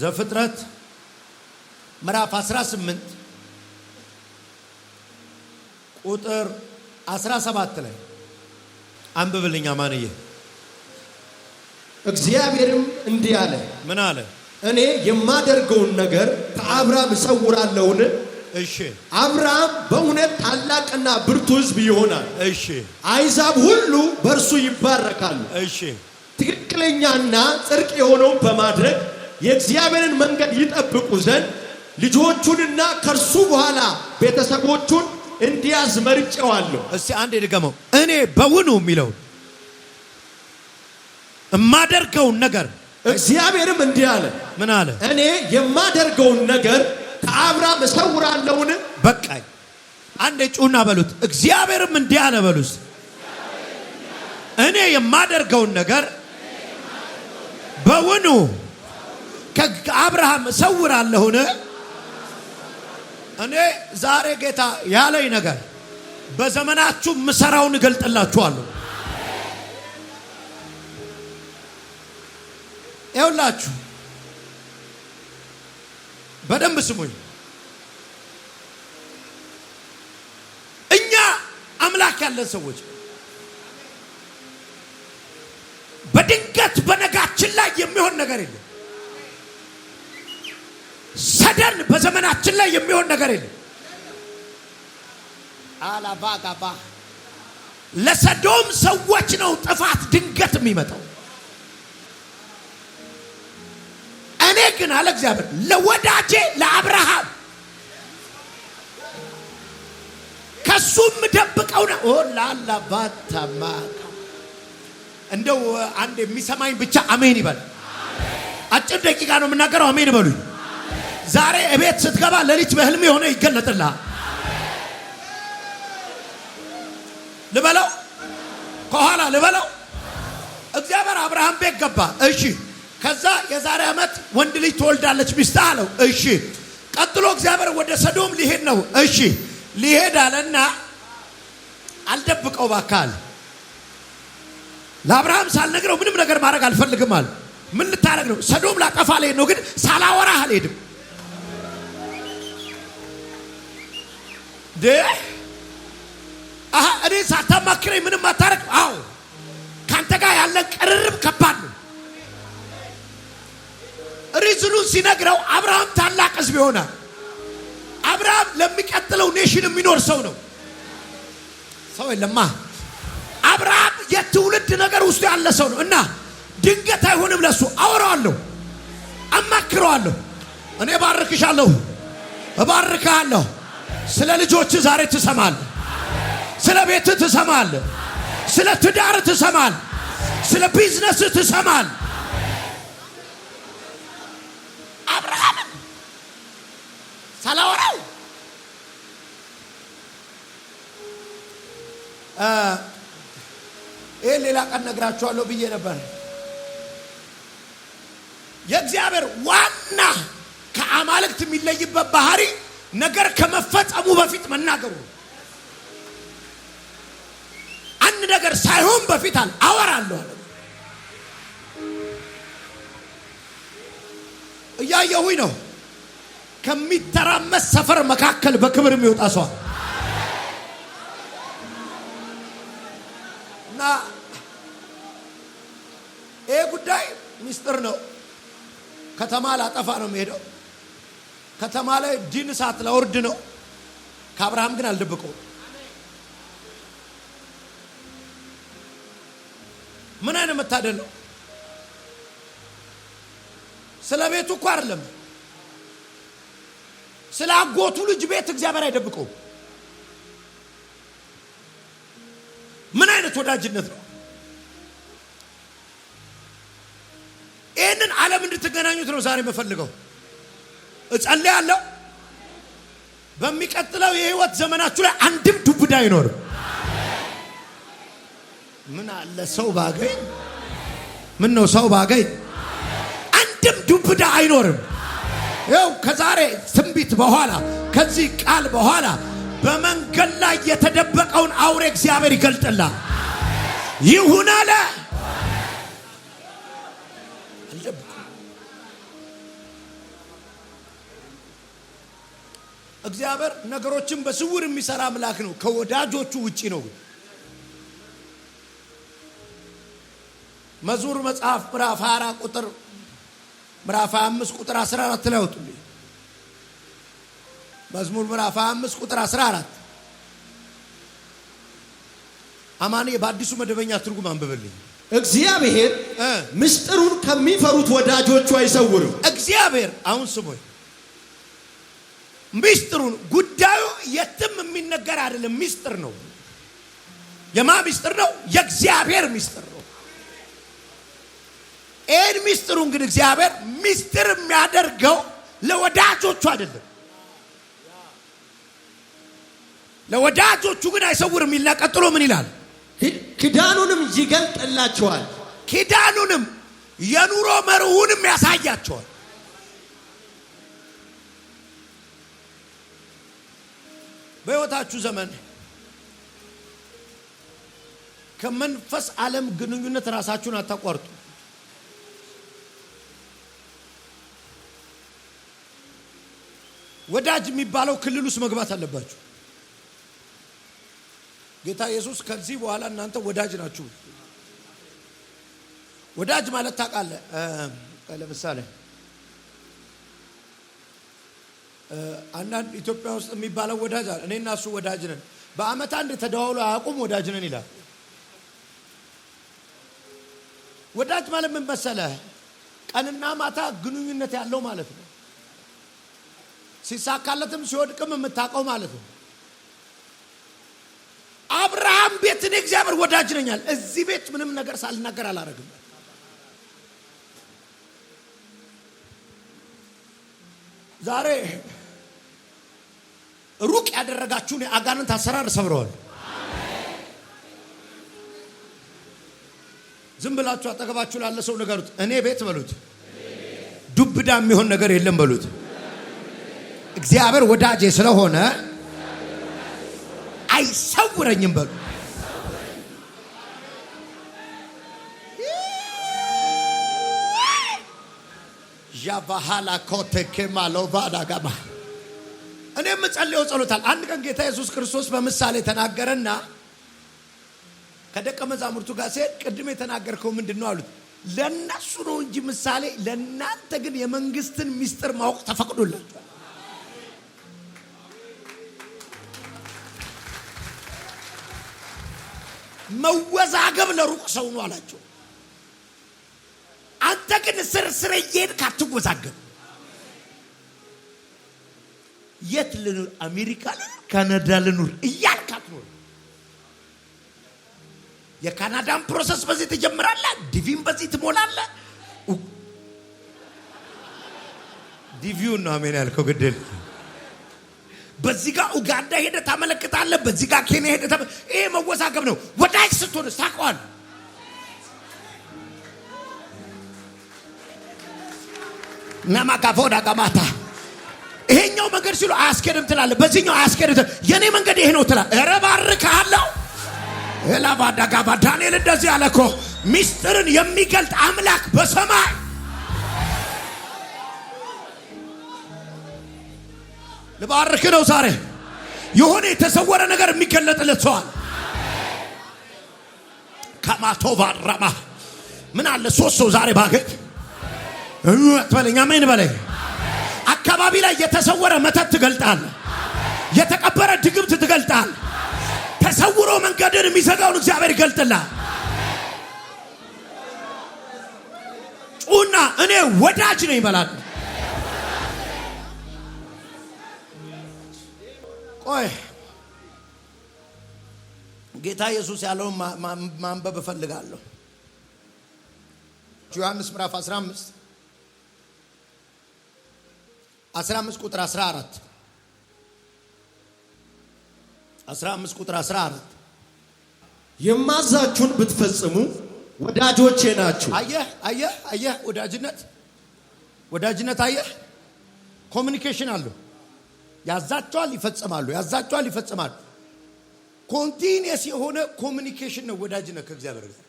ዘፍጥረት ምዕራፍ 18 ቁጥር 17 ላይ አንብብልኛ ማንዬ። እግዚአብሔርም እንዲህ አለ። ምን አለ? እኔ የማደርገውን ነገር ከአብርሃም እሰውራለሁን? እሺ። አብርሃም በእውነት ታላቅና ብርቱ ህዝብ ይሆናል። እሺ። አሕዛብ ሁሉ በእርሱ ይባረካሉ። እሺ። ትክክለኛና ጽድቅ የሆነውን በማድረግ የእግዚአብሔርን መንገድ ይጠብቁ ዘንድ ልጆቹንና ከእርሱ በኋላ ቤተሰቦቹን እንዲያዝ መርጨዋለሁ። እስቲ አንድ ድገመው። እኔ በውኑ የሚለው የማደርገውን ነገር እግዚአብሔርም እንዲህ አለ። ምን አለ? እኔ የማደርገውን ነገር ከአብርሃም እሰውራለሁን? በቃኝ። አንድ ጩና በሉት። እግዚአብሔርም እንዲህ አለ በሉስ። እኔ የማደርገውን ነገር በውኑ ከአብርሃም እሰውራለሁን? እኔ ዛሬ ጌታ ያለኝ ነገር በዘመናችሁ ምሰራውን እገልጥላችኋለሁ። ይውላችሁ በደንብ ስሙኝ። እኛ አምላክ ያለን ሰዎች በድንገት በነጋችን ላይ የሚሆን ነገር የለም። ሰደን በዘመናችን ላይ የሚሆን ነገር የለም። አላባ ጋባ ለሰዶም ሰዎች ነው ጥፋት ድንገት የሚመጣው። እኔ ግን አለ እግዚአብሔር ለወዳጄ ለአብርሃም ከሱም ደብቀው ነው ላላባታማ እንደው አንድ የሚሰማኝ ብቻ አሜን ይበል። አጭር ደቂቃ ነው የምናገረው። አሜን ይበሉኝ። ዛሬ እቤት ስትገባ ለልጅ በህልም የሆነ ይገለጥላ ልበለው ከኋላ ልበለው። እግዚአብሔር አብርሃም ቤት ገባ። እሺ። ከዛ የዛሬ ዓመት ወንድ ልጅ ትወልዳለች ሚስት አለው። እሺ። ቀጥሎ እግዚአብሔር ወደ ሰዶም ሊሄድ ነው። እሺ። ሊሄድ አለና አልደብቀው ባካል ለአብርሃም ሳልነግረው ምንም ነገር ማድረግ አልፈልግም አለ። ምን ልታደረግ ነው? ሰዶም ላጠፋ ልሄድ ነው፣ ግን ሳላወራህ አልሄድም። እኔ ሳታማክረኝ ምንም አታረግ። አዎ ከአንተ ጋር ያለን ቅርርብ ከባድ ነው። ሪዝኑን ሲነግረው አብርሃም ታላቅ ሕዝብ ይሆናል። አብርሃም ለሚቀጥለው ኔሽን የሚኖር ሰው ነው። ሰው የለማ። አብርሃም የትውልድ ነገር ውስጡ ያለ ሰው ነው እና ድንገት አይሆንም። ለሱ አወራዋለሁ፣ አማክረዋለሁ። እኔ ባርክሻለሁ፣ እባርካለሁ ስለ ልጆች ዛሬ ትሰማል። ስለ ቤት ትሰማል። ስለ ትዳር ትሰማል። ስለ ቢዝነስ ትሰማል። አብርሃምን ሳላወራው ይህን ሌላ ቀን ነግራችኋለሁ ብዬ ነበር። የእግዚአብሔር ዋና ከአማልክት የሚለይበት ባህሪ ነገር ከመፈጸሙ በፊት መናገሩ አንድ ነገር ሳይሆን በፊት አለ አወራለሁ አለ። እያየሁኝ ነው። ከሚተራመስ ሰፈር መካከል በክብር የሚወጣ ሰው እና ይህ ጉዳይ ሚስጥር ነው። ከተማ ላጠፋ ነው የሚሄደው ከተማ ላይ ዲን እሳት ላወርድ ነው። ከአብርሃም ግን አልደብቆ ምን አይነት መታደል ነው! ስለ ቤቱ እኮ አይደለም፣ ስለ አጎቱ ልጅ ቤት እግዚአብሔር አይደብቀው? ምን አይነት ወዳጅነት ነው! ይህንን ዓለም እንድትገናኙት ነው ዛሬ የምፈልገው። እጸልያለሁ። በሚቀጥለው የህይወት ዘመናችሁ ላይ አንድም ዱብዳ አይኖርም። ምን አለ ሰው ባገኝ፣ ምን ነው ሰው ባገኝ፣ አንድም ዱብዳ አይኖርም። ይኸው ከዛሬ ትንቢት በኋላ ከዚህ ቃል በኋላ በመንገድ ላይ የተደበቀውን አውሬ እግዚአብሔር ይገልጥላል። ይሁን አለ እግዚአብሔር ነገሮችን በስውር የሚሰራ አምላክ ነው። ከወዳጆቹ ውጪ ነው። ግን መዝሙር መጽሐፍ ምዕራፍ 24 ቁጥር ምዕራፍ 25 ቁጥር 14 ላይ አውጡልኝ። መዝሙር ምዕራፍ 25 ቁጥር 14 አማኔ በአዲሱ መደበኛ ትርጉም አንብብልኝ። እግዚአብሔር ምስጢሩን ከሚፈሩት ወዳጆቹ አይሰውርም። እግዚአብሔር አሁን ስሞኝ ሚስጥሩን ጉዳዩ የትም የሚነገር አይደለም። ሚስጥር ነው። የማ ሚስጥር ነው? የእግዚአብሔር ሚስጥር ነው። ይህን ሚስጥሩ እንግዲህ እግዚአብሔር ሚስጥር የሚያደርገው ለወዳጆቹ አይደለም። ለወዳጆቹ ግን አይሰውርም ይልና ቀጥሎ ምን ይላል? ኪዳኑንም ይገልጥላቸዋል። ኪዳኑንም የኑሮ መርሁንም ያሳያቸዋል። በሕይወታችሁ ዘመን ከመንፈስ ዓለም ግንኙነት ራሳችሁን አታቋርጡ። ወዳጅ የሚባለው ክልል ውስጥ መግባት አለባችሁ። ጌታ ኢየሱስ ከዚህ በኋላ እናንተ ወዳጅ ናችሁ። ወዳጅ ማለት ታውቃለህ፣ ለምሳሌ አንዳንድ ኢትዮጵያ ውስጥ የሚባለው ወዳጅ አለ። እኔና እሱ ወዳጅ ነን። በአመት አንድ ተደዋውሎ አያውቁም። ወዳጅ ነን ይላል። ወዳጅ ማለት ምን መሰለ ቀንና ማታ ግንኙነት ያለው ማለት ነው። ሲሳካለትም ሲወድቅም የምታውቀው ማለት ነው። አብርሃም ቤት እኔ እግዚአብሔር ወዳጅ ነኛል። እዚህ ቤት ምንም ነገር ሳልናገር አላረግም ዛሬ ሩቅ ያደረጋችሁን የአጋንንት አሰራር ሰብረዋል። ዝም ብላችሁ አጠገባችሁ ላለ ሰው ንገሩት፣ እኔ ቤት በሉት፣ ዱብዳ የሚሆን ነገር የለም በሉት። እግዚአብሔር ወዳጄ ስለሆነ አይሰውረኝም በሉ። ዣቫሃላ ኮቴኬማ ጋማ እኔም ጸልየው ጸሎታል። አንድ ቀን ጌታ ኢየሱስ ክርስቶስ በምሳሌ ተናገረና ከደቀ መዛሙርቱ ጋር ሲሄድ ቅድም የተናገርከው ምንድን ነው አሉት። ለእነሱ ነው እንጂ ምሳሌ፣ ለእናንተ ግን የመንግስትን ሚስጥር ማወቅ ተፈቅዶላቸዋል። መወዛገብ ለሩቅ ሰው ነው አላቸው። አንተ ግን ስር ስር እየሄድክ አትወዛገብ የት ልኑር? አሜሪካ ልኑር? ካናዳ ልኑር? እያልካት አትኖር። የካናዳን ፕሮሰስ በዚህ ትጀምራለህ። ዲቪን በዚህ ትሞላለህ። ዲቪውን ነው አሜን ያልከው ግድል በዚህ ጋር ኡጋንዳ ሄደ ታመለክታለ። በዚህ ጋር ኬንያ ሄደ። ይሄ መወዛገብ ነው። ወዳጅ ስትሆን ታውቀዋል። ናማካፎዳ ቀማታ ይሄኛው መንገድ ሲሉ አያስኬድም ትላለ፣ በዚህኛው አያስኬድም ትላለ። የኔ መንገድ ይሄ ነው ትላለ። እረባርካለሁ ላባዳጋባ ዳንኤል እንደዚህ አለ እኮ ሚስጥርን የሚገልጥ አምላክ በሰማይ ልባርክ ነው ዛሬ የሆነ የተሰወረ ነገር የሚገለጥለት ሰዋል ከማቶ ባራማ ምን አለ ሶስት ሰው ዛሬ ባገኝ ትበለኛ ምን በለኝ አካባቢ ላይ የተሰወረ መተት ትገልጣል። የተቀበረ ድግምት ትገልጣል። ተሰውሮ መንገድን የሚዘጋውን እግዚአብሔር ይገልጥላል። ጩና እኔ ወዳጅ ነው ይበላል። ቆይ ጌታ ኢየሱስ ያለውን ማንበብ እፈልጋለሁ። ዮሐንስ ምዕራፍ 15 15 ቁጥር 14 15 ቁጥር 14 የማዛችሁን ብትፈጽሙ ወዳጆቼ ናችሁ። አየህ አየህ አየህ፣ ወዳጅነት ወዳጅነት፣ አየህ ኮሚኒኬሽን አለው። ያዛቸዋል፣ ይፈጽማሉ፣ ያዛቸዋል፣ ይፈጽማሉ። ኮንቲኒየስ የሆነ ኮሚኒኬሽን ነው ወዳጅነት ከእግዚአብሔር ጋር።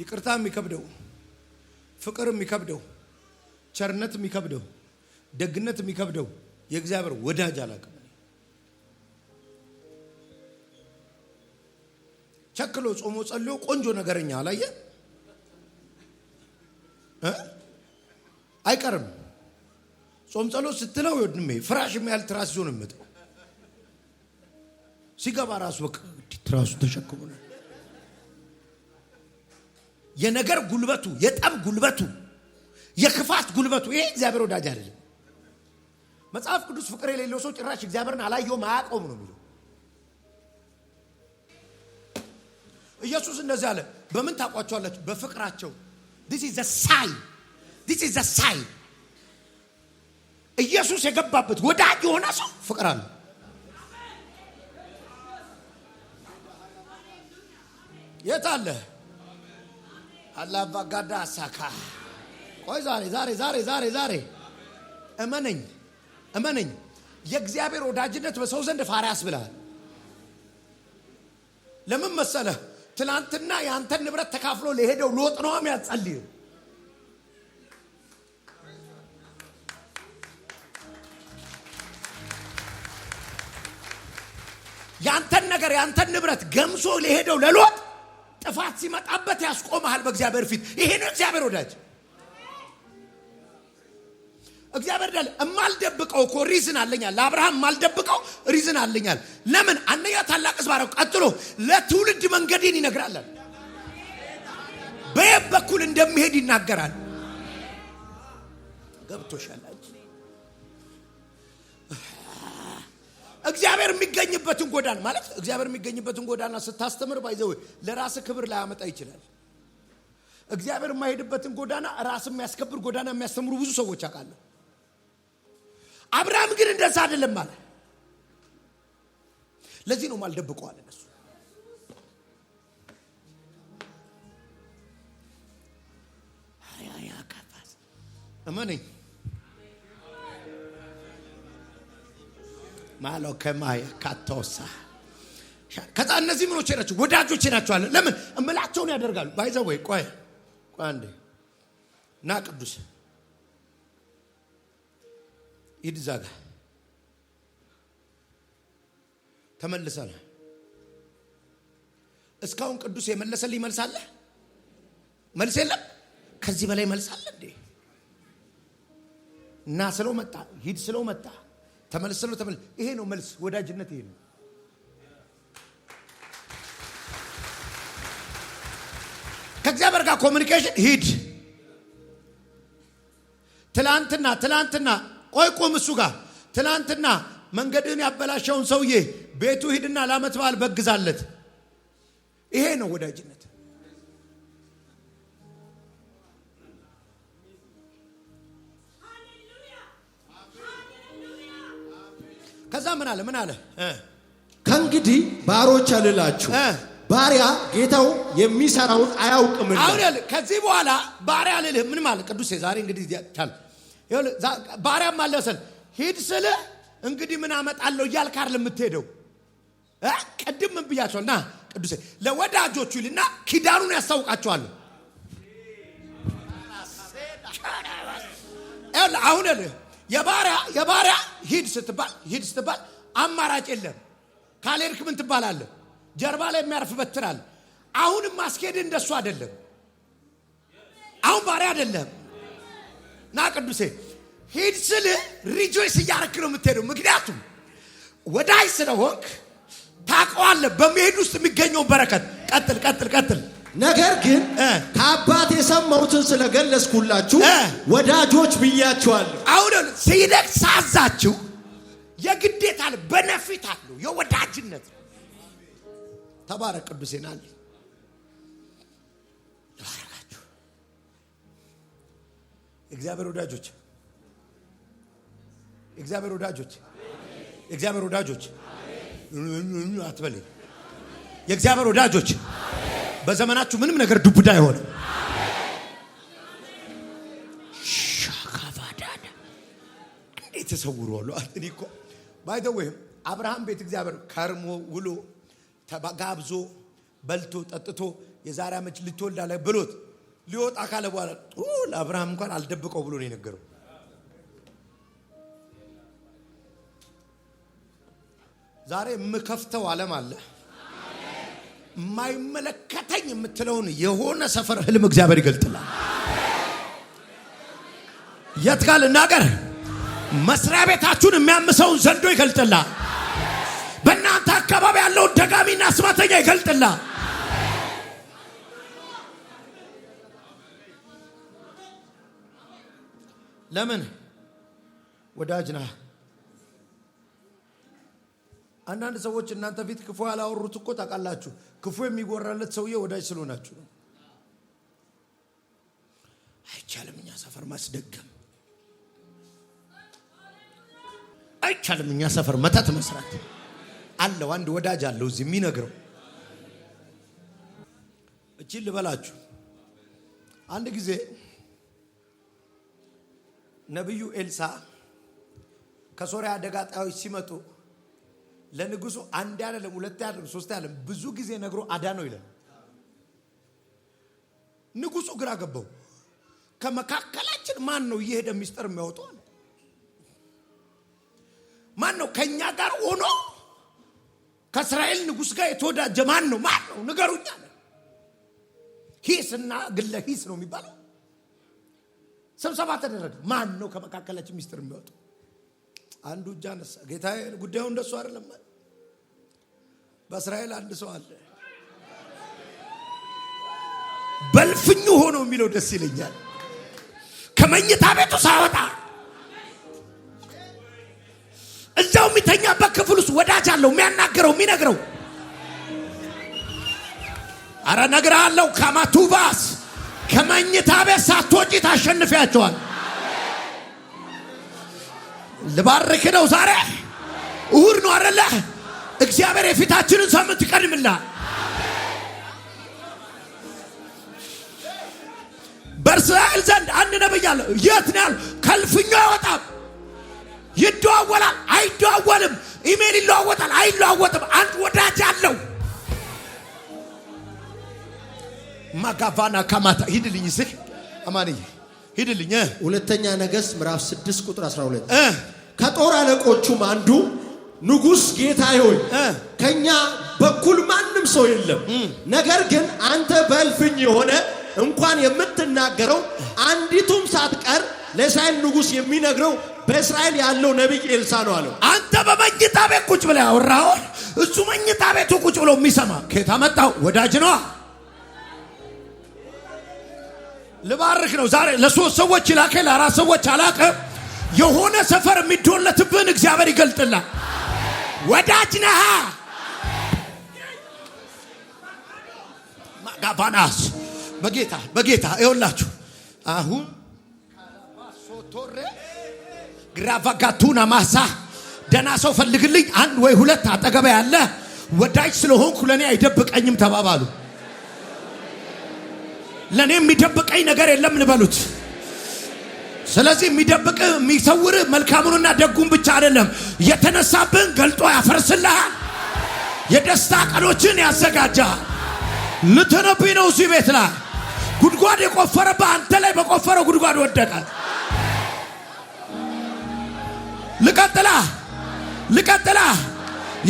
ይቅርታ የሚከብደው ፍቅር የሚከብደው፣ ቸርነት የሚከብደው፣ ደግነት የሚከብደው የእግዚአብሔር ወዳጅ አላውቅም። ቸክሎ ጾሞ ጸሎ ቆንጆ ነገረኛ አላየ አይቀርም። ጾም ጸሎት ስትለው ወድሜ ፍራሽ የሚያህል ትራስ ይዞ ነው የሚመጣው። ሲገባ ራሱ በቃ ትራሱ ተሸክሞ ነው የነገር ጉልበቱ፣ የጠብ ጉልበቱ፣ የክፋት ጉልበቱ ይሄ እግዚአብሔር ወዳጅ አይደለም። መጽሐፍ ቅዱስ ፍቅር የሌለው ሰው ጭራሽ እግዚአብሔርን አላየውም አያውቀውም ነው የሚለው። ኢየሱስ እንደዚህ አለ፣ በምን ታውቋቸዋላችሁ? በፍቅራቸው። ሳይ ኢየሱስ የገባበት ወዳጅ የሆነ ሰው ፍቅር አለ። የት አለህ? አላባጋዳ አሳካ። ቆይ ዛሬ ዛሬ ዛሬ ዛሬ ዛሬ እመነኝ እመነኝ፣ የእግዚአብሔር ወዳጅነት በሰው ዘንድ ፋሪያስ ያስብልሃል። ለምን መሰለ ትናንትና የአንተን ንብረት ተካፍሎ ለሄደው ሎጥ ነው የሚያጸልይ ያንተን ነገር ያንተን ንብረት ገምሶ ለሄደው ለሎጥ ጥፋት ሲመጣበት ያስቆመሃል በእግዚአብሔር ፊት። ይሄ ነው እግዚአብሔር ወዳጅ። እግዚአብሔር ዳል እማልደብቀው እኮ ሪዝን አለኛል። ለአብርሃም ማልደብቀው ሪዝን አለኛል። ለምን አንደኛ ታላቅ ህዝብ ቀጥሎ ለትውልድ መንገዴን ይነግራለን። በየት በኩል እንደሚሄድ ይናገራል። ገብቶሻል? እግዚአብሔር የሚገኝበትን ጎዳን ማለት እግዚአብሔር የሚገኝበትን ጎዳና ስታስተምር ባይዘ ለራስ ክብር ላያመጣ ይችላል። እግዚአብሔር የማይሄድበትን ጎዳና ራስ የሚያስከብር ጎዳና የሚያስተምሩ ብዙ ሰዎች አውቃለሁ። አብርሃም ግን እንደዛ አይደለም አለ። ለዚህ ነው ማልደብቀዋል እነሱ እመነኝ ማሎ ከማየ ካቶሳ ከዛ እነዚህ ምኖች ናቸው ወዳጆች ናቸዋለን። ለምን እምላቸውን ያደርጋሉ። ባይዘ ወይ ቆይ ቆይ አንዴ ና ቅዱስ ሂድ እዛ ጋ ተመልሰል። እስካሁን ቅዱስ የመለሰልህ ይመልሳለ መልስ የለም። ከዚህ በላይ መልሳለ እንዴ? እና ስለው መጣ፣ ሂድ ስለው መጣ ተመልሰሉ ተመል ይሄ ነው መልስ። ወዳጅነት ይሄ ነው። ከእግዚአብሔር ጋር ኮሚኒኬሽን ሂድ። ትላንትና ትላንትና ቆይ ቁም እሱ ጋር ትላንትና መንገድህን ያበላሸውን ሰውዬ ቤቱ ሂድና ለአመት በዓል በግዛለት። ይሄ ነው ወዳጅነት። ከዛ ምን አለ ምን አለ? ከእንግዲህ ባሮች አልላችሁ ባሪያ ጌታው የሚሰራውን አያውቅም። አሁን ከዚህ በኋላ ባሪያ ልልህ ምን ማለት ቅዱስ ዛሬ እንግዲህ ቻል ባሪያም አለ መሰል ሂድ ስልህ እንግዲህ ምን አመጣለሁ እያልክ ለምትሄደው የምትሄደው። ቅድም ምን ብያቸው እና ቅዱሴ ለወዳጆቹ ይልና ኪዳኑን ያስታውቃቸዋል። አሁን ልህ የባሪያ የባሪያ ሂድ ስትባል ሂድ ስትባል አማራጭ የለም። ካልሄድክ ምን ትባላለ? ጀርባ ላይ የሚያርፍ በትራል አሁንም ማስኬድ እንደሱ አይደለም። አሁን ባሪያ አይደለም ና ቅዱሴ ሂድ ስልህ ሪጆይስ እያረክ ነው የምትሄደው። ምክንያቱም ወዳጅ ስለሆንክ ታውቀዋለህ፣ በመሄድ ውስጥ የሚገኘውን በረከት። ቀጥል ቀጥል ቀጥል ነገር ግን ከአባት የሰማሁትን ስለገለጽኩላችሁ ወዳጆች ብያችኋለሁ። አሁን ሲደግ ሳዛችሁ የግዴታ አለ በነፊት አለ የወዳጅነት ተባረ ቅዱሴና አለ ተባረካችሁ እግዚአብሔር ወዳጆች እግዚአብሔር ወዳጆች እግዚአብሔር ወዳጆች አትበለኝ የእግዚአብሔር ወዳጆች በዘመናችሁ ምንም ነገር ዱብዳ አይሆንም። ሻካፋዳዳ እንዴት ተሰውሯሉ? እኔ እኮ ባይደወይም አብርሃም ቤት እግዚአብሔር ከርሞ ውሎ ተጋብዞ በልቶ ጠጥቶ የዛሬ ዓመት ልትወልድ አለ ብሎት ሊወጣ ካለ በኋላ ለአብርሃም እንኳን አልደብቀው ብሎ ነው የነገረው። ዛሬ የምከፍተው ዓለም አለ የማይመለከተኝ የምትለውን የሆነ ሰፈር ህልም እግዚአብሔር ይገልጥላል። የት ጋር ልናገር? መስሪያ ቤታችሁን የሚያምሰውን ዘንዶ ይገልጥላል። በእናንተ አካባቢ ያለውን ደጋሚና አስማተኛ ይገልጥላል። ለምን ወዳጅ ነህ? አንዳንድ ሰዎች እናንተ ፊት ክፉ ያላወሩት እኮ ታውቃላችሁ። ክፉ የሚጎራለት ሰውዬ ወዳጅ ስለሆናችሁ ነው። አይቻልም እኛ ሰፈር ማስደገም፣ አይቻልም እኛ ሰፈር መተት መስራት አለው። አንድ ወዳጅ አለው እዚህ የሚነግረው እቺን ልበላችሁ። አንድ ጊዜ ነቢዩ ኤልሳ ከሶሪያ አደጋ ጣዮች ሲመጡ ለንጉሱ አንድ አይደለም፣ ሁለት አይደለም፣ ሶስት አይደለም፣ ብዙ ጊዜ ነግሮ ነው ይላል። ንጉሱ ግራ ገባው። ከመካከላችን ማን ነው እየሄደ ሚስጥር የሚያወጣው? ማን ነው ከኛ ጋር ሆኖ ከእስራኤል ንጉስ ጋር የተወዳጀ ማን ነው? ማን ነው ንገሩኛ። ሂስ እና ግለ ሂስ ነው የሚባለው። ስብሰባ ተደረገ። ማን ነው ከመካከላችን ሚስጥር የሚያወጣው? አንዱ እጅ አነሳ። ጌታ ጉዳዩ እንደሱ አይደለም። በእስራኤል አንድ ሰው አለ። በልፍኙ ሆኖ የሚለው ደስ ይለኛል። ከመኝታ ቤቱ ሳወጣ እዛው የሚተኛበት ክፍል ውስጥ ወዳጅ አለው፣ የሚያናገረው የሚነግረው። አረ ነግር አለው ከማቱባስ ከመኝታ ቤት ሳትወጪ ታሸንፊያቸዋል። ልባርክ ነው ዛሬ እሁድ ነው አደለ እግዚአብሔር የፊታችንን ሳምንት ይቀድምላል። በእስራኤል ዘንድ አንድ ነብይ አለ። የት ነው ያለ? ከልፍኞ አይወጣም፣ ይደዋወላል፣ አይደዋወልም፣ ኢሜል ይለዋወጣል፣ አይለዋወጥም። አንድ ወዳጅ አለው። ማጋቫና ካማታ ሂድልኝ ስ አማንዬ ሂድልኝ። ሁለተኛ ነገሥት ምዕራፍ 6 ቁጥር 12 ከጦር አለቆቹም አንዱ ንጉሥ ጌታ ሆይ ከእኛ በኩል ማንም ሰው የለም። ነገር ግን አንተ በእልፍኝ የሆነ እንኳን የምትናገረው አንዲቱም ሳትቀር ለእስራኤል ንጉሥ የሚነግረው በእስራኤል ያለው ነቢይ ኤልሳ ነው አለው። አንተ በመኝታ ቤት ቁጭ ብለህ ያወራውን እሱ መኝታ ቤቱ ቁጭ ብሎ የሚሰማ ጌታ መጣው ወዳጅ ነዋ። ልባርክ ነው ዛሬ ለሶስት ሰዎች ይላከ ለአራት ሰዎች አላቀ የሆነ ሰፈር የሚዶለትብን እግዚአብሔር ይገልጥላል። ወዳጅ ነሃ ጋባናስ በጌታ በጌታ ይኸውላችሁ አሁን ቶሬ ግራቫጋቱና ማሳ ደና ሰው ፈልግልኝ አንድ ወይ ሁለት አጠገበ ያለ ወዳጅ ስለሆንኩ ለእኔ አይደብቀኝም ተባባሉ። ለእኔ የሚደብቀኝ ነገር የለም ንበሉት። ስለዚህ የሚደብቅ የሚሰውር መልካሙንና ደጉን ብቻ አይደለም። የተነሳብን ገልጦ ያፈርስልሃል። የደስታ ቀኖችን ያዘጋጃል። ልትነብ ነው። እዚህ ቤት ላይ ጉድጓድ የቆፈረ በአንተ ላይ በቆፈረው ጉድጓድ ወደቀ። ልቀጥላ ልቀጥላ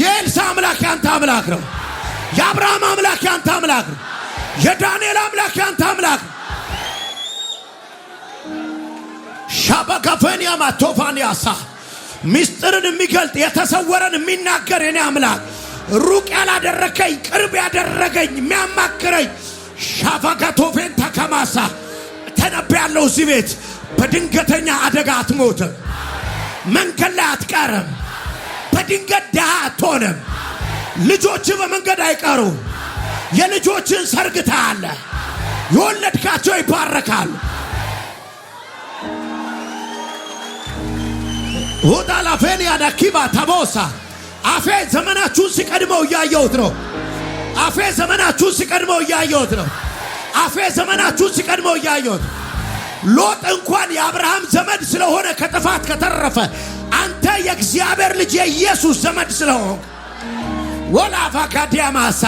የኤልሳ አምላክ ያንተ አምላክ ነው። የአብርሃም አምላክ ያንተ አምላክ ነው። የዳንኤል አምላክ ያንተ አምላክ ነው። ሻበገፈንያ ማቶፋን ያሳ ምስጢርን የሚገልጥ የተሰወረን የሚናገር የኔ አምላክ ሩቅ ያላደረከኝ ቅርብ ያደረገኝ የሚያማክረኝ ሻፈገቶፌን ተከማሳ ያለው እዚህ ቤት በድንገተኛ አደጋ አትሞትም። መንገድ ላይ አትቀርም። በድንገት ድሃ አትሆንም። ልጆች በመንገድ አይቀሩም። የልጆችን ሰርግታ አለ የወለድካቸው ይባረካሉ። ውጣ ላፌን ያዳኪባ ታቦሳ አፌ ዘመናችሁን ሲቀድመው እያየሁት ነው። አፌ ዘመናችሁን ሲቀድመው እያየሁት ነው። አፌ ዘመናችሁን ሲቀድመው እያየሁት ሎጥ እንኳን የአብርሃም ዘመድ ስለሆነ ከጥፋት ከተረፈ አንተ የእግዚአብሔር ልጅ የኢየሱስ ዘመድ ስለሆን ወላፋ ካዲያ ማሳ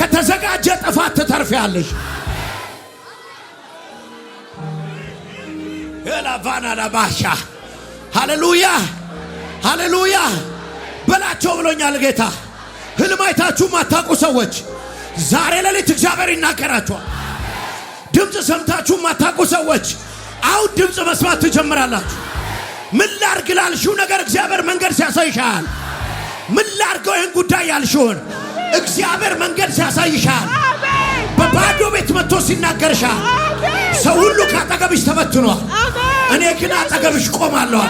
ከተዘጋጀ ጥፋት ትተርፊያለሽ። ኤላቫና ለባሻ ሃሌሉያ ሃሌሉያ በላቸው ብሎኛል ጌታ። ህልም አይታችሁ ማታውቁ ሰዎች ዛሬ ሌሊት እግዚአብሔር ይናገራችኋል። ድምፅ ሰምታችሁ ማታውቁ ሰዎች አሁን ድምፅ መስማት ትጀምራላችሁ። ምን ላርግ ላልሽው ነገር እግዚአብሔር መንገድ ሲያሳይሻል። ምን ላርገው ይህን ጉዳይ ያልሽውን እግዚአብሔር መንገድ ሲያሳይሻል። በባዶ ቤት መጥቶ ሲናገርሻል። ሰው ሁሉ ካጠገብሽ ተበትኗል። እኔ ግን አጠገብሽ ቆማለሁ።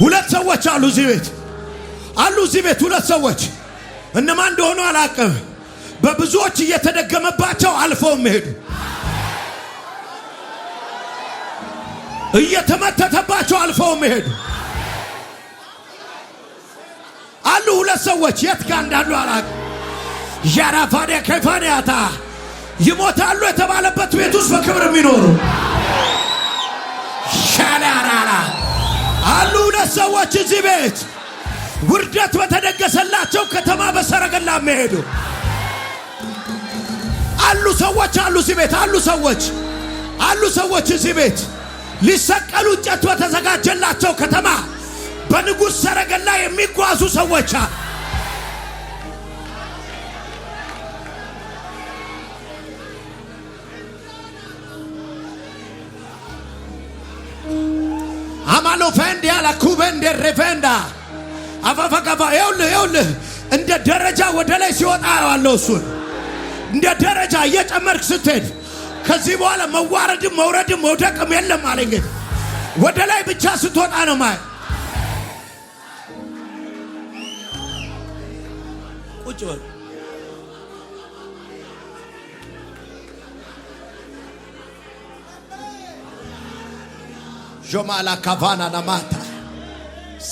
ሁለት ሰዎች አሉ እዚህ ቤት አሉ እዚህ ቤት ሁለት ሰዎች እነማን እንደሆኑ አላውቅም። በብዙዎች እየተደገመባቸው አልፈው ሄዱ። እየተመተተባቸው አልፈው ሄዱ። አሉ ሁለት ሰዎች የት ጋር እንዳሉ አላውቅም። ያራፋዲያ ከፋዲያታ ይሞታሉ የተባለበት ቤት ውስጥ በክብር የሚኖሩ ሻላራራ አሉ። ሁለት ሰዎች እዚህ ቤት ውርደት በተደገሰላቸው ከተማ በሰረገላ መሄዱ አሉ። ሰዎች አሉ እዚህ ቤት አሉ። ሰዎች አሉ። ሰዎች እዚህ ቤት ሊሰቀሉ እንጨት በተዘጋጀላቸው ከተማ በንጉሥ ሰረገላ የሚጓዙ ሰዎች አሉ። እንደ ያላ ኩበ እንደ ሬፈንዳ አፋፋ ይኸውልህ ይኸውልህ እንደ ደረጃ ወደ ላይ ሲወጣ ያለው እሱን እንደ ደረጃ እየጨመርክ ስትሄድ ከዚህ በኋላ መዋረድም መውረድም መውደቅም የለም አለኝ። ወደ ላይ ብቻ ስትወጣ ነው ማለት። ቁጭ በል ዦማላ ካቫና ናማታ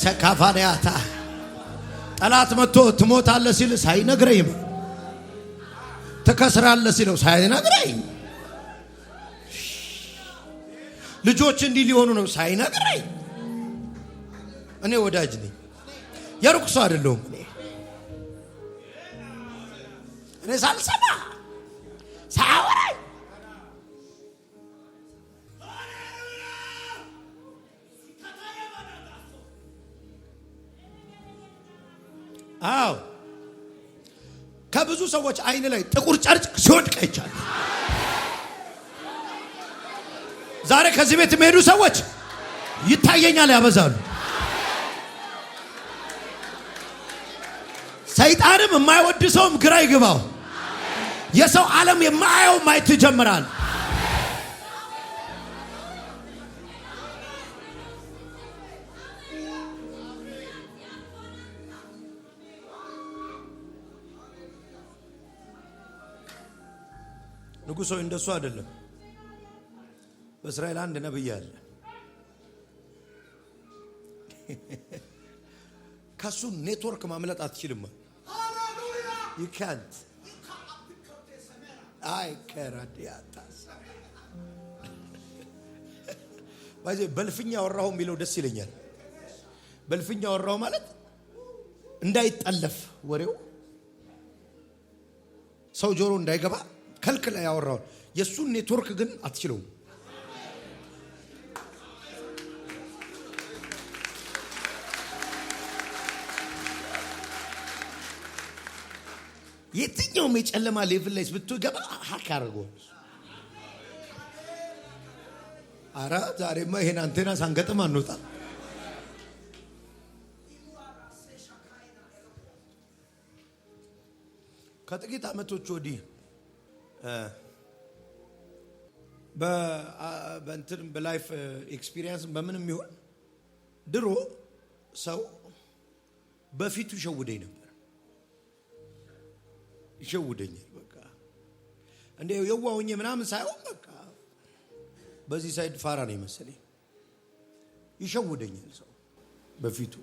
ሰካቫንያታ ጠላት መጥቶ ትሞታለህ ሲል ሳይነግረኝ ትከስራለህ ሲለው ሳይነግረኝ ልጆች እንዲህ ሊሆኑ ነው ሳይነግረኝ እኔ ወዳጅ ነኝ። የሩቅ ሰው አይደለሁም። እኔ ሳልሰማ ሳያወራኝ አዎ ከብዙ ሰዎች አይን ላይ ጥቁር ጨርቅ ሲወድቅ ይቻል። ዛሬ ከዚህ ቤት የሚሄዱ ሰዎች ይታየኛል ያበዛሉ። ሰይጣንም የማይወድ ሰውም ግራ ይግባው። የሰው ዓለም የማያየው ማየት ይጀምራል። ንጉሥ ሆይ እንደሱ አይደለም። በእስራኤል አንድ ነብይ አለ። ከሱ ኔትወርክ ማምለጥ አትችልም። ይካንት አይ ከራዲያታ በልፍኛ ወራሁ የሚለው ደስ ይለኛል። በልፍኛ ወራሁ ማለት እንዳይጠለፍ ወሬው ሰው ጆሮ እንዳይገባ ከልክለ ያወራው የእሱን ኔትወርክ ግን አትችለውም። የትኛውም የጨለማ ሌቭል ላይ ብትገባ ሀክ ያደርገዋል። አረ ዛሬማ ይሄን አንቴና ሳንገጥም አንወጣም። ከጥቂት ዓመቶች ወዲህ በእንትን በላይፍ ኤክስፒሪየንስ በምንም ይሆን ድሮ ሰው በፊቱ ይሸውደኝ ነበር፣ ይሸውደኛል። በቃ እንደ የዋውኝ ምናምን ሳይሆን በቃ በዚህ ሳይድ ፋራ ነው ይመስለኝ፣ ይሸውደኛል ሰው በፊቱ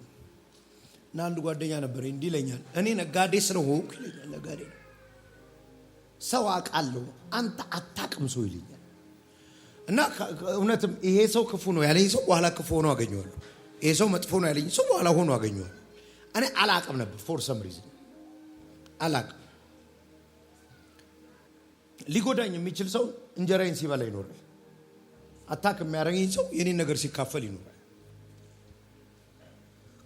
እና አንድ ጓደኛ ነበር እንዲህ ይለኛል፣ እኔ ነጋዴ ስለሆንኩ ይለኛል ነጋዴ ነው ሰው አውቃለሁ፣ አንተ አታቅም ሰው ይልኛል። እና እውነትም ይሄ ሰው ክፉ ነው ያለኝ ሰው በኋላ ክፉ ሆኖ አገኘዋለሁ። ይሄ ሰው መጥፎ ነው ያለኝ ሰው በኋላ ሆኖ አገኘዋለሁ። እኔ አላቅም ነበር ፎር ሰም ሪዝን አላቅም። ሊጎዳኝ የሚችል ሰው እንጀራዬን ሲበላ ይኖራል። አታክ የሚያደርገኝ ሰው የኔን ነገር ሲካፈል ይኖራል።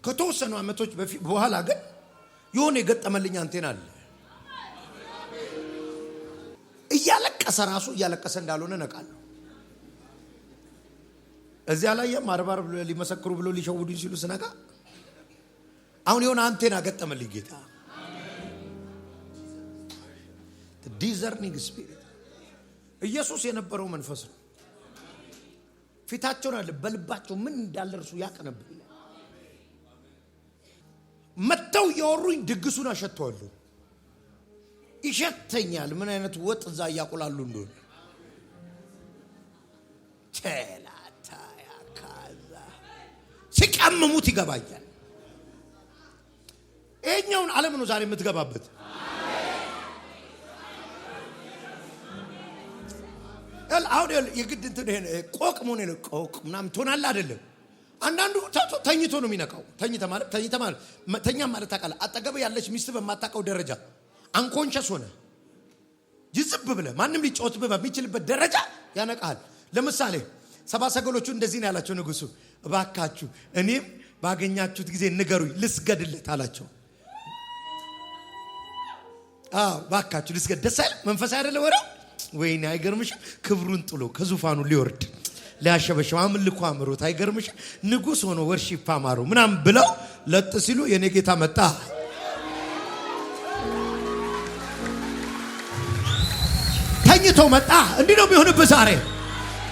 ከተወሰኑ ዓመቶች በኋላ ግን የሆነ የገጠመልኝ አንቴና አለ እያለቀሰ ራሱ እያለቀሰ እንዳልሆነ ነቃለሁ። እዚያ ላይ ማርባር ብሎ ሊመሰክሩ ብሎ ሊሸውዱኝ ሲሉ ስነቃ አሁን የሆነ አንቴን አገጠመልኝ ጌታ ዲዘርኒንግ ስፒሪት ኢየሱስ የነበረው መንፈስ ነው። ፊታቸውን አለ በልባቸው ምን እንዳለ እርሱ ነበር። መጥተው እያወሩኝ ድግሱን አሸተዋለሁ። ይሸተኛል። ምን አይነት ወጥ እዛ እያቁላሉ እንደሆነ ቸላታ ያካዛ ሲቀምሙት ይገባኛል። ይሄኛውን ዓለም ነው ዛሬ የምትገባበት። አሁን የግድ እንትን ቆቅ መሆን የለ ቆቅ ምናምን ትሆናለህ አይደለም። አንዳንዱ ተኝቶ ነው የሚነቃው። ተኝተ ማለት ተኝተ ማለት መተኛ ማለት ታውቃለህ። አጠገብህ ያለች ሚስት በማታውቀው ደረጃ አንኮንሸስ ሆነ ይዝብ ብለ ማንም ሊጫወት በሚችልበት ደረጃ ያነቃል። ለምሳሌ ሰባ ሰገሎቹ እንደዚህ ነው ያላቸው ንጉሱ፣ እባካችሁ እኔም ባገኛችሁት ጊዜ ንገሩኝ ልስገድለት አላቸው። ባካችሁ ልስገድ ደስ አይልም? መንፈሳዊ አይደለ ወሬው? ወይኔ አይገርምሽም? ክብሩን ጥሎ ከዙፋኑ ሊወርድ ሊያሸበሸው አምልኮ አምሮት አይገርምሽም? ንጉሥ ሆኖ ወርሺፕ አማረው ምናም ብለው ለጥ ሲሉ የኔ ጌታ መጣ ተኝተው መጣ። እንዲህ ነው የሚሆንብህ ዛሬ።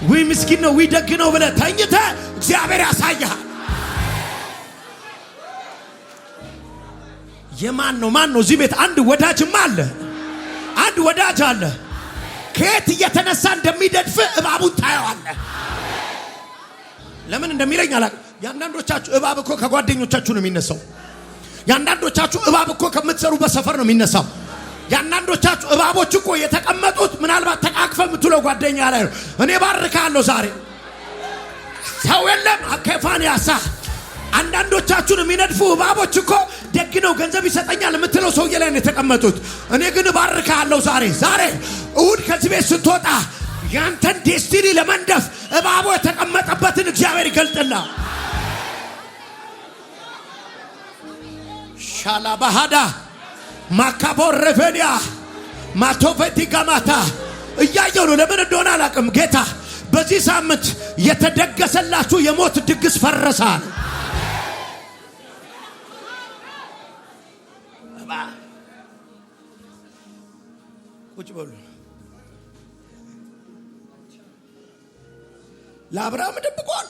ዊ ምስኪን ነው ዊ ደግ ነው ብለህ ተኝተህ እግዚአብሔር ያሳያል። የማን ነው ማን ነው? እዚህ ቤት አንድ ወዳጅማ አለ፣ አንድ ወዳጅ አለ። ከየት እየተነሳ እንደሚደድፍ እባቡን ታየዋለህ። ለምን እንደሚለኝ አላውቅም። የአንዳንዶቻችሁ እባብ እኮ ከጓደኞቻችሁ ነው የሚነሳው። የአንዳንዶቻችሁ እባብ እኮ ከምትሰሩበት ሰፈር ነው የሚነሳው። ያንዳንዶቻችሁ እባቦች እኮ የተቀመጡት ምናልባት ተቃቅፈ የምትለው ጓደኛ ላይ ነው። እኔ ባርካለሁ ዛሬ ሰው የለም ከፋን ያሳ አንዳንዶቻችሁን የሚነድፉ እባቦች እኮ ደግ ነው ገንዘብ ይሰጠኛል የምትለው ሰውዬ ላይ ነው የተቀመጡት። እኔ ግን ባርካለሁ ዛሬ ዛሬ እሁድ ከዚህ ቤት ስትወጣ ያንተን ዴስቲኒ ለመንደፍ እባቦ የተቀመጠበትን እግዚአብሔር ይገልጥላ ሻላ ባህዳ ማካቦረፌንያ ማቶፌቲጋማታ እያየው ነው። ለምን እንደሆነ አላውቅም። ጌታ በዚህ ሳምንት የተደገሰላችሁ የሞት ድግስ ፈረሳል። ቁጭ በሉ። ለአብርሃም ደብቋል።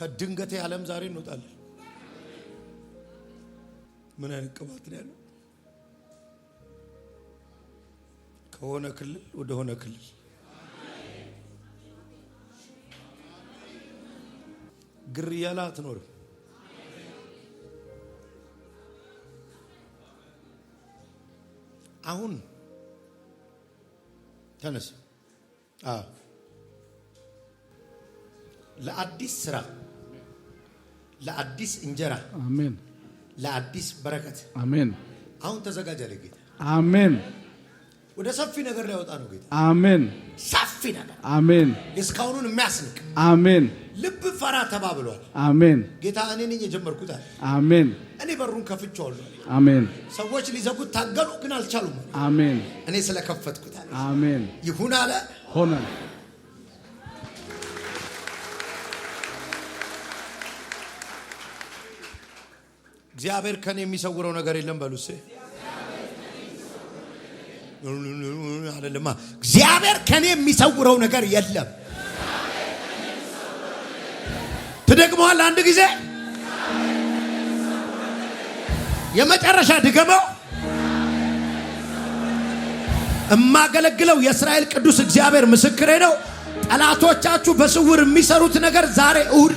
ከድንገቴ ዓለም ዛሬ እንወጣለን። ምን አይነት ቅባት ነው ያለው? ከሆነ ክልል ወደ ሆነ ክልል ግር እያለ አትኖርም። አሁን ተነስ ለአዲስ ስራ ለአዲስ እንጀራ አሜን። ለአዲስ በረከት አሜን። አሁን ተዘጋጅ አለ ጌታ አሜን። ወደ ሰፊ ነገር ሊያወጣ ነው ጌታ አሜን። ሰፊ ነገር አሜን። እስካሁኑን የሚያስንቅ አሜን። ልብ ፈራ ተባብሏል አሜን። ጌታ እኔ ነኝ የጀመርኩት አለ አሜን። እኔ በሩን ከፍቼዋለሁ አሜን። ሰዎች ሊዘጉት ታገሉ ግን አልቻሉም አሜን። እኔ ስለከፈትኩት አለ አሜን። ይሁን አለ ሆነ። እግዚአብሔር ከኔ የሚሰውረው ነገር የለም። በሉሴ አለልማ እግዚአብሔር ከኔ የሚሰውረው ነገር የለም። ትደግመዋል። አንድ ጊዜ የመጨረሻ ድገመው። እማገለግለው የእስራኤል ቅዱስ እግዚአብሔር ምስክሬ ነው። ጠላቶቻችሁ በስውር የሚሰሩት ነገር ዛሬ እሁድ